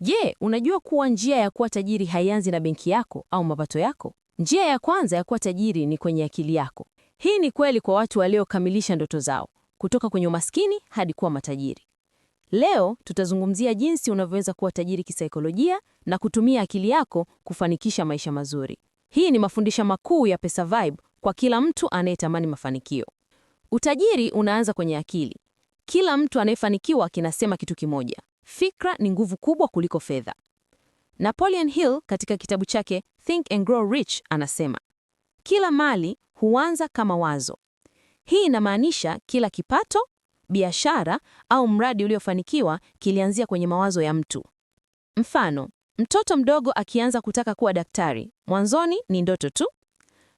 Je, unajua kuwa njia ya kuwa tajiri haianzi na benki yako au mapato yako? Njia ya kwanza ya kuwa tajiri ni kwenye akili yako. Hii ni kweli kwa watu waliokamilisha ndoto zao, kutoka kwenye umaskini hadi kuwa matajiri. Leo tutazungumzia jinsi unavyoweza kuwa tajiri kisaikolojia na kutumia akili yako kufanikisha maisha mazuri. Hii ni mafundisho makuu ya Pesa Vibe kwa kila mtu anayetamani mafanikio. Utajiri unaanza kwenye akili. Kila mtu anayefanikiwa kinasema kitu kimoja: Fikra ni nguvu kubwa kuliko fedha. Napoleon Hill katika kitabu chake Think and Grow Rich anasema kila mali huanza kama wazo. Hii inamaanisha kila kipato, biashara au mradi uliofanikiwa kilianzia kwenye mawazo ya mtu. Mfano, mtoto mdogo akianza kutaka kuwa daktari, mwanzoni ni ndoto tu,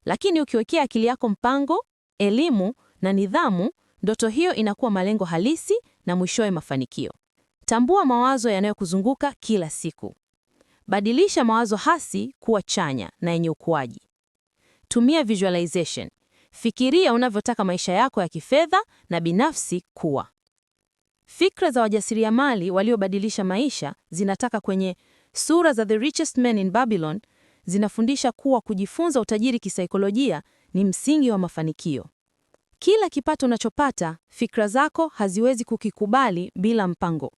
lakini ukiwekea akili yako mpango, elimu na nidhamu, ndoto hiyo inakuwa malengo halisi na mwishowe mafanikio. Tambua mawazo yanayokuzunguka kila siku. Badilisha mawazo hasi kuwa chanya na yenye ukuaji. Tumia visualization. Fikiria unavyotaka maisha yako ya kifedha na binafsi kuwa. Fikra za wajasiriamali waliobadilisha maisha zinataka kwenye Sura za The Richest Men in Babylon zinafundisha kuwa kujifunza utajiri kisaikolojia ni msingi wa mafanikio. Kila kipato unachopata, fikra zako haziwezi kukikubali bila mpango.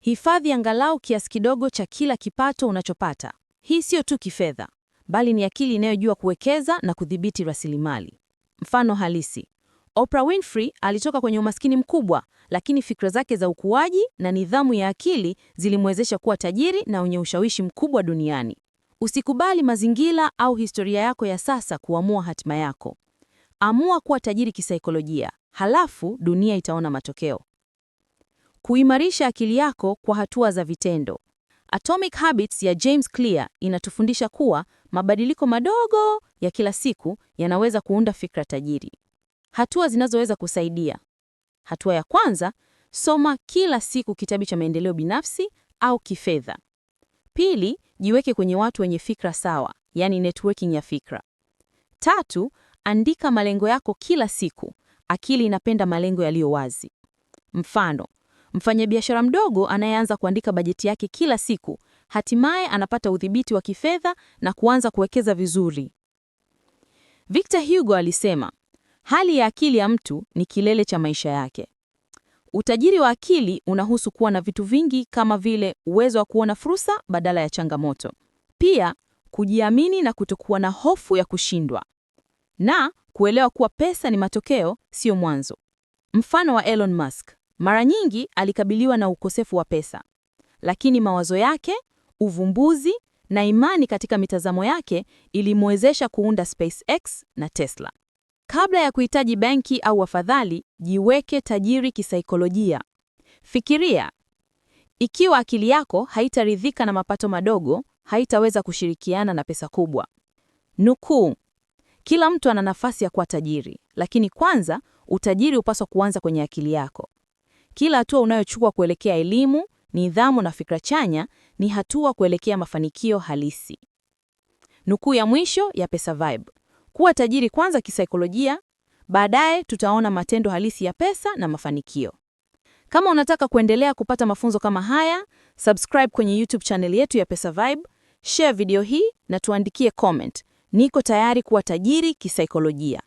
Hifadhi angalau kiasi kidogo cha kila kipato unachopata. Hii sio tu kifedha, bali ni akili inayojua kuwekeza na kudhibiti rasilimali. Mfano halisi: Oprah Winfrey alitoka kwenye umaskini mkubwa, lakini fikra zake za ukuaji na nidhamu ya akili zilimwezesha kuwa tajiri na mwenye ushawishi mkubwa duniani. Usikubali mazingira au historia yako ya sasa kuamua hatima yako. Amua kuwa tajiri kisaikolojia, halafu dunia itaona matokeo kuimarisha akili yako kwa hatua za vitendo. Atomic Habits ya James Clear inatufundisha kuwa mabadiliko madogo ya kila siku yanaweza kuunda fikra tajiri. Hatua zinazoweza kusaidia. Hatua ya kwanza, soma kila siku kitabu cha maendeleo binafsi au kifedha. Pili, jiweke kwenye watu wenye fikra sawa, yani networking ya fikra. Tatu, andika malengo yako kila siku. Akili inapenda malengo yaliyo wazi. Mfano, Mfanyabiashara mdogo anayeanza kuandika bajeti yake kila siku, hatimaye anapata udhibiti wa kifedha na kuanza kuwekeza vizuri. Victor Hugo alisema, hali ya akili ya mtu ni kilele cha maisha yake. Utajiri wa akili unahusu kuwa na vitu vingi kama vile uwezo wa kuona fursa badala ya changamoto. Pia kujiamini na kutokuwa na hofu ya kushindwa. Na kuelewa kuwa pesa ni matokeo, sio mwanzo. Mfano wa Elon Musk. Mara nyingi alikabiliwa na ukosefu wa pesa, lakini mawazo yake, uvumbuzi na imani katika mitazamo yake ilimwezesha kuunda SpaceX na Tesla. Kabla ya kuhitaji benki au wafadhali, jiweke tajiri kisaikolojia. Fikiria, ikiwa akili yako haitaridhika na mapato madogo, haitaweza kushirikiana na pesa kubwa. Nukuu, kila mtu ana nafasi ya kuwa tajiri, lakini kwanza utajiri upaswa kuanza kwenye akili yako. Kila hatua unayochukua kuelekea elimu, nidhamu na fikra chanya ni hatua kuelekea mafanikio halisi. Nukuu ya mwisho ya Vibe: kuwa tajiri kwanza kisaikolojia, baadaye tutaona matendo halisi ya pesa na mafanikio. Kama unataka kuendelea kupata mafunzo kama haya, subscribe kwenye YouTube channel yetu ya Vibe, share video hii na tuandikie comment. Niko tayari kuwa tajiri kisaikolojia.